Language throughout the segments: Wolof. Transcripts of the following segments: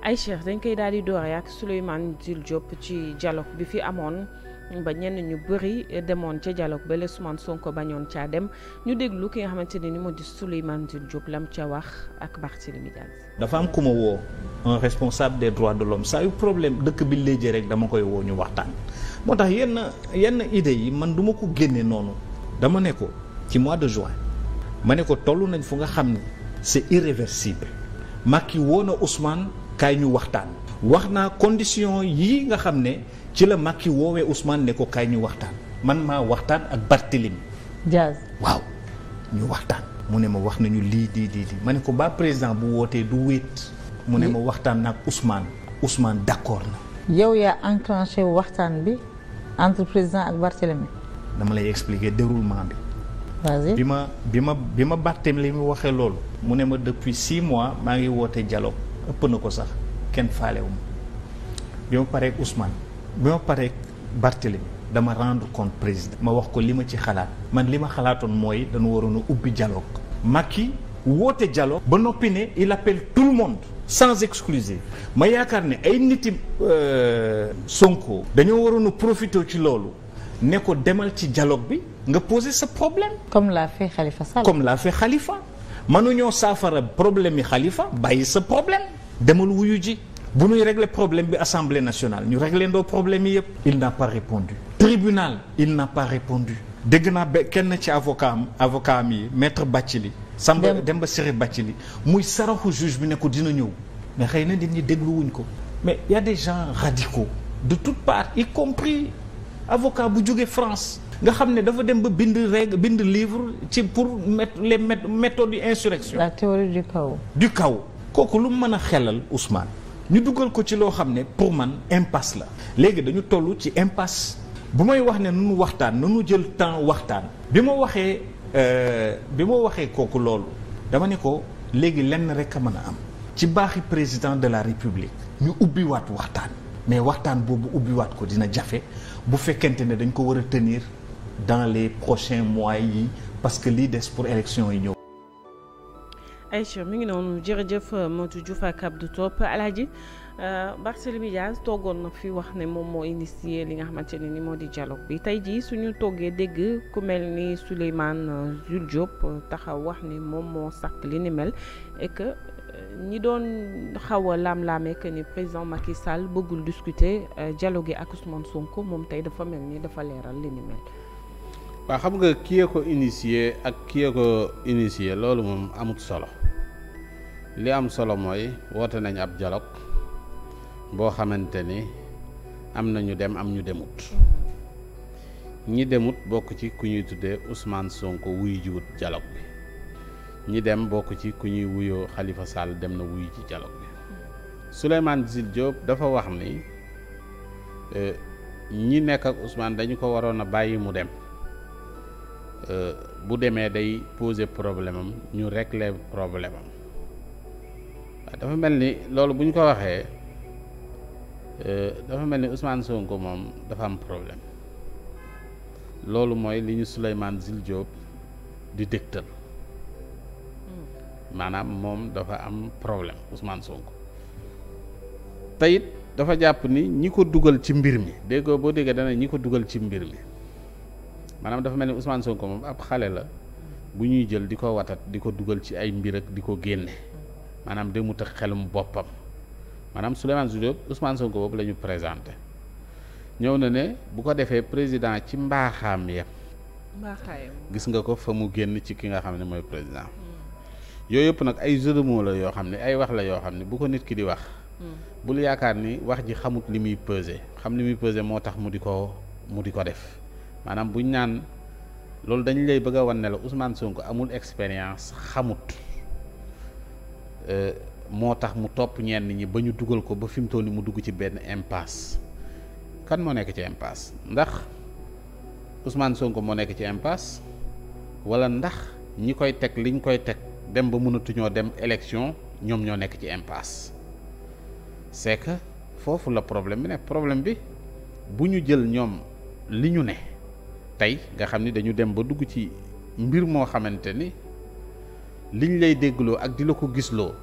ay cheikh dañ koy daal di doore ak Souleymane Jules Diop ci dialogue bi fi amoon ba ñenn ñu bari demoon ca dialogue ba Ousmane Sonko bañoon caa dem ñu déglu ki nga xamante ne ni moo di Souleymane Jules Diop lam ca wax ak Barthélémy Dias dafa am ku ma woo un responsable des droits de l'homme saa yu problème dëkk bi léegi rek dama koy woo ñu waxtaan moo tax yenn yenn idées yi man duma ko génne noonu dama ne ko ci mois de join ma ne ko toll nañ fu nga xam ni c'est irréversible Macky kaay ñu waxtaan wax naa condition yii nga xam ne ci la Macky woowee Ousmane ne ko kaay ñu waxtaan man maa waxtaan ak Barthélémy Diaz waaw ñu waxtaan mu ne ma wax nañu lii di di ma ne ko ba président bu wootee du wéet mu ne ma waxtaan naag Ousmane Ousmane d'accord na yow yaa enclenché waxtaan bi entre président ak Barthélémy dama lay expliquer déroulement bi bi ma bi ma bi ma Barthélémy waxee loolu mu ne ma depuis six mois maa ngi woote dialogue ëpp na ko sax kenn faalewu ma bi ma pareeg Ousmane bi ma pareeg Barthélémy dama rendre compte président ma wax ko li ma ci xalaat man li ma xalaatoon mooy dañu waroon a ubbi dialogue Macky woote dialogue ba noppi ne il appelle tout le monde sans exclusive ma yaakaar ne ay niti euh, Sonko dañoo waroon a profité ci loolu ne ko demal ci jaloog bi nga poser sa problème comme l'a fait Khalifa Sall comme l'a fait Khalifa saafara problème yi Khalifa bàyyi sa problème demal wuyu ji bu ñuy régler problème bi assemblée nationale ñu régler ndoo problème yi yëpp il n'a pas répondu tribunal il n'a pas répondu dégg naa ba kenn ci avocat am avocat am yi maître Bathily Samba Demba Ciré Bathily muy saraxu juge bi ne ko dina ñëw mais xëy na nit ñi dégluwuñ ko mais ya a des gens radicaux de toutes parts y compris avocat bu jóge France nga xam ne dafa dem ba bind règle bind livre ci pour mettre les méthodes d'insurrection la théorie du chaos du chaos kooku lu mu mën a xelal Ousmane ñu dugal ko ci loo xam ne pour man impasse la léegi dañu toll ci impasse bu may wax ne nu nunu waxtaan nu nunu jël temps waxtaan bi ma waxee euh, bi ma waxee kooku loolu dama ne ko léegi lenn rek a man a am ci baaxi président de la république ñu ubbiwaat waxtaan mais waxtaan boobu ubbiwaat ko dina jafe bu fekkente ne dañ ko war a tenir dans les prochains mois yi parce que lii des pour élection yi ñëw Aïcha mi ngi noonu jërëjëf Modou Diouf ak Abdou Top Alaaji euh, Barthélemy Dias toogoon na fi wax ne moom moo initié li nga xamante ne ni moo di dialogue bi tey jii suñu toggee dégg ku mel ni Souleymane euh, Jules Diop euh, taxaw wax ni moom moo sàkk li ni mel et que ñi doon xaw a laam-laamee que ni président Macky Sall bëggul discuter gi ak Ousmane Sonko moom tey dafa mel ni dafa leeral li ni mel. waaw xam nga kii ko initié ak kii ko initié loolu moom amut solo. li am solo mooy woote nañ ab dialogue boo xamante ni am na ñu dem am ñu demut ñi demut bokk ci ku ñuy tuddee Ousmane Sonko wuyu jiwut dialogue bi ñi dem bokk ci ku ñuy wuyoo xalifa Sall dem na wuyu ci dialogue bi Souleymane Jules Diop dafa wax ni eh, ñi nekk ak Ousmane dañu ko waroon a bàyyi mu dem eh, bu demee day poser problème am ñu régler problème dafa mel ni loolu bu ñu ko waxee eh, dafa mel ni usmaan Sonko moom dafa am problème loolu mooy li ñu Souleymane Jules Diop di dégtal hmm. maanaam moom dafa am problème usmaan Sonko te dafa jàpp ni ñi ko dugal ci mbir mi déggoo boo déggee dana ñi ko dugal ci mbir mi maanaam dafa mel ni Ousmane Sonko moom ab xale la bu ñuy jël di ko watat di ko dugal ci ay mbir ak di ko génne. maanaam demut ak xelum boppam maanaam Souleymane Jules Diop Ousmane Sonko boobu la ñu présenté ñëw na ne bu ko defee président ci mbaaxaam yem. mbaaxaayam gis nga ko fa mu génn ci ki nga xam ne mooy président. Hmm. yooyu yëpp nag ay jeu de la yoo xam ne ay wax la yoo xam ne bu ko nit ki di wax. Hmm. bul yaakaar ni wax ji xamut li muy peser xam li muy peser moo tax mu di ko mu di ko def maanaam buñ naan loolu dañu lay bëgg wan ne la Ousmane Sonko amul expérience xamut. Euh, moo tax mu topp ñenn ñi ba ñu dugal ko ba fi mu toll nii mu dugg ci benn impasse kan moo nekk ci impasse ndax Ousmane Sonko moo nekk ci impasse wala ndax ñi koy teg liñ koy teg dem ba mënatuñoo dem élection ñoom ñoo nekk ci impasse c'est foofu la problème bi ne problème bi bu ñu jël ñoom li ñu ne tey nga xam ni dañu dem ba dugg ci mbir moo xamante ni. liñ lay déggloo ak di la ko gisloo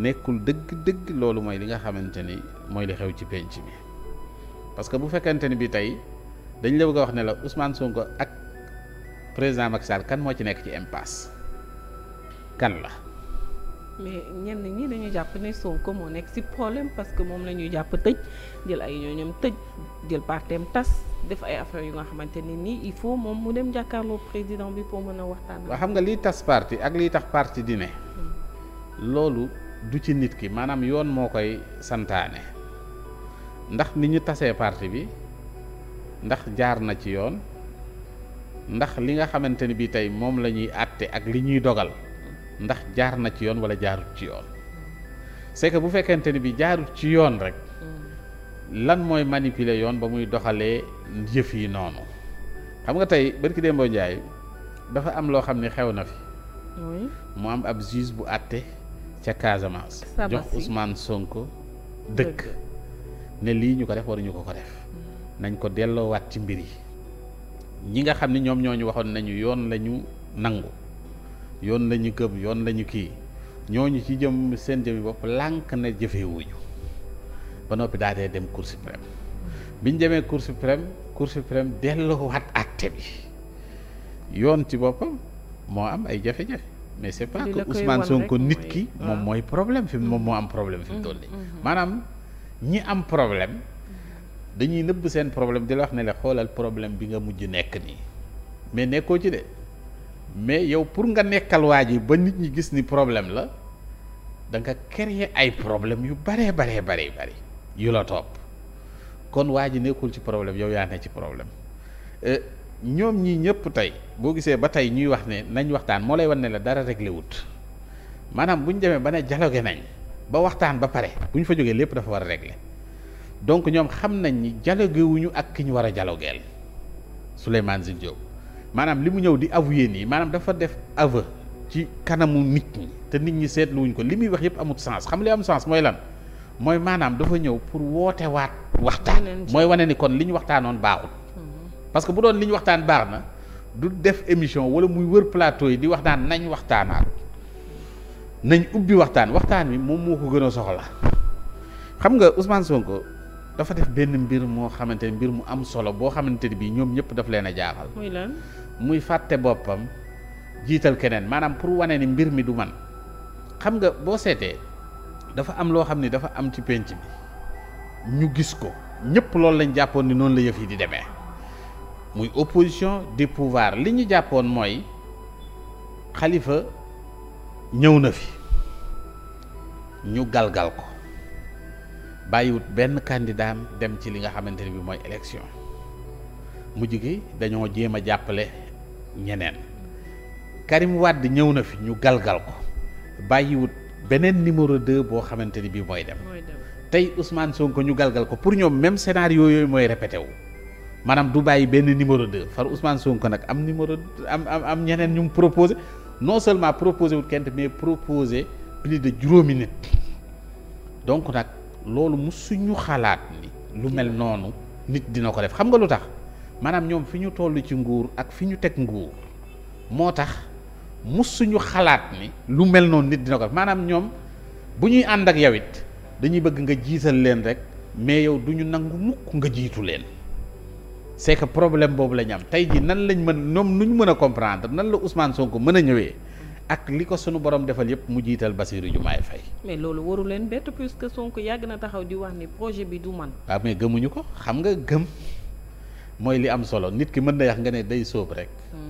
nekkul dëgg-dëgg loolu mooy li nga xamante ni mooy li xew ci penc mi parce que bu fekkente ni bi tey dañ la bëgg a wax ne la Ousmane Sonko ak président Macky kan moo ci nekk ci impasse kan la. mais ñenn ñi dañu jàpp ne Sonko moo nekk ci problème parce que moom la ñuy jàpp tëj jël ay ñooñam tëj jël parteem tas. def ay affaires yu nga xamante ne nii il faut moom mu dem jàkkaarloo président bi pour mën a waxtaan. waaw xam nga liy tas parti ak liy tax parti di ne. Hmm. loolu du ci nit ki maanaam yoon moo koy santaane ndax ni ñu tasee parti bi ndax jaar na ci yoon ndax li nga xamante ni bi tey moom la ñuy àtte ak li ñuy dogal ndax jaar na ci yoon wala jaarut ci yoon hmm. c'est que bu fekkente ni bi jaarut ci yoon rek. Hmm. lan mooy manipile yoon ba muy doxalee jëf yi noonu xam nga tey barki Demba Njaay dafa am loo xam ne xew na fi. mu am ab juge bu àtte ca Casamance. jox Ousmane Sonko dëkk. ne lii ñu ko def waruñu ko ko def. Mm. nañ ko delloowaat ci mbir yi. ñi nga xam ne ñoom ñoo ñu waxoon nañu yoon lañu nangu yoon la ñu gëm yoon lañu ñu kii ñooñu ci jëm seen jëmi bopp lànk na jëfewuñu ba noppi daa dee dem cour suprême bi ñu demee cour suprême cour suprême delluwaat àtte bi yoon ci boppam moo am ay jafe-jafe mais c'est pas que Ousmane Sonko nit ki moom mooy problème fi moom moo am problème fi mu mm-hmm. toll nii mm-hmm. maanaam ñi am problème mm-hmm. dañuy nëbb seen problème di la wax na la xoolal problème bi nga mujj nekk nii mais nekkoo ci de mais yow pour nga nekkal waa ji ba nit ñi gis ni problème la da nga créer ay problème yu baree baree baree bari yu la topp kon waa ji nekkul ci problème yow yaa ne ci problème eh, ñoom ñii ñëpp tey boo gisee ba tey ñuy wax ne nañ waxtaan moo lay wan ne la dara réglé wut maanaam buñ ñu demee ba ne jaloge nañ ba waxtaan ba pare bu ñu fa jógee lépp dafa war a réglé donc ñoom xam nañ ni dialogue wuñu ak ki ñu war a dialogueel Souleymane Jules Diop maanaam li mu ñëw di avoué nii maanaam dafa def aveu ci kanamu nit ñi te nit ñi seetluwuñ ko li muy wax yëpp amut sens xam li am sens mooy lan. mooy maanaam dafa ñëw pour woote waat waxtaan mooy wane ni kon li ñu waxtaanoon baaxul mm-hmm. parce que bu doon li ñu waxtaan baax na du def émission wala muy wër plateau yi di wax naan nañ waxtaanaat nañ ubbi waxtaan waxtaan wi moom moo ko gën a soxla xam nga Ousmane Sonko dafa def benn mbir moo xamante ni mbir mu am solo boo xamante ni bii ñoom ñëpp daf leen a jaaxal. muy lan muy fàtte boppam jiital keneen maanaam pour wane ni mbir mi du man xam nga boo seetee. dafa am loo xam ni dafa am ci pénc bi ñu gis ko ñëpp loolu lañ jàppoon ni noonu la yëf yi di demee muy opposition di pouvoir li ñu jàppoon mooy xalifa ñëw na fi ñu galgal ko bàyyiwut benn candidat dem ci li nga xamante ne bi mooy élection mujj gi dañoo jéem a jàppale ñeneen Karim Wade ñëw na fi ñu galgal ko bàyyiwut beneen numéro 2 boo xamante ni bii mooy dem. tey Ousmane Sonko ñu galgal ko pour ñoom même scénario yooyu mooy répété wu maanaam du bàyyi benn numéro de far Ousmane Sonko nag am numéro am am am ñeneen ñu mu proposé non seulement proposé wul kent mais proposé plus de juróomi nit donc nag loolu musuñu xalaat ni lu mel noonu nit dina ko def xam nga lu tax maanaam ñoom fi ñu toll ci nguur ak fi ñu teg nguur moo tax. suñu xalaat ni lu mel noonu nit dina ko maanaam ñoom bu ñuy ànd ak yow it dañuy bëgg nga jiital leen rek mais yow du ñu nangu mukk nga jiitu leen c'est que problème boobu la am tey jii nan lañ mën ñoom nu ñu mën a comprendre nan la soo ko mën a ñëwee ak li ko suñu borom defal yëpp mu jiital Bassirou Diomaye Faye mais loolu waru leen bett puisque Sonko yàgg na taxaw di wax ni projet bi du man waaw ah, mais gëmuñu ko xam nga gëm mooy li am solo nit ki mën na yàq nga ne day sóob rek. Hmm.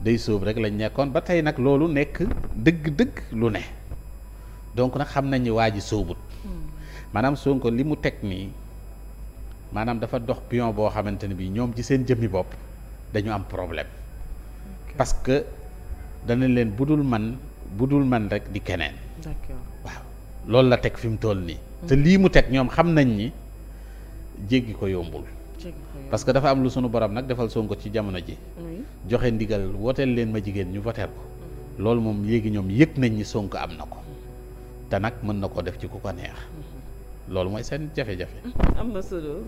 day sóob rek lañ nekkoon ba tey nag loolu nekk dëgg-dëgg lu ne donc nag xam nañ ni waa ji sóobut hmm. maanaam Sonko li mu teg nii maanaam dafa dox pion boo xamante ne bi ñoom ci seen jëmmi bopp dañu am problème parce que danañ leen dul man bu dul man rek di keneen waaw loolu la teg fi mu toll nii hmm. te lii mu teg ñoom xam nañ ni jéggi ko yombul parce que dafa am lu sunu borom nag defal Sonko ci jamono ji. joxe ndigal woteel leen ma jigéen ñu voteel ko. loolu moom léegi ñoom yëg nañ ni Sonko am na ko te nag mën na koo def ci ku ko neex. Mhm. loolu mooy seen jafe-jafe. am na solo.